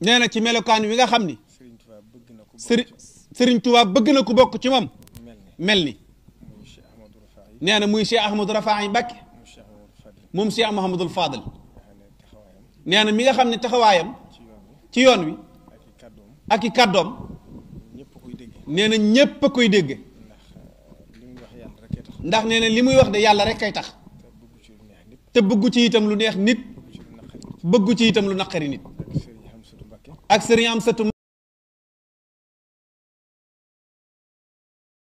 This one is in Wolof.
nee na ci melokaan wi nga xam ni sëriñ Touba bëgg na ku bokk ci moom mel ni nee na muy Cheikh Ahmadou Rafahi Mbacke moom Cheikh Mouhamadul Fadal nee na mi nga xam ne taxawaayam ci yoon wi ak i kàddoom nee na ñépp a koy dégg ndax nee li muy wax de yàlla rek kay tax te bëggu ci itam lu neex nit bëggu ci itam lu naqari nit ak sëriñ am sëtu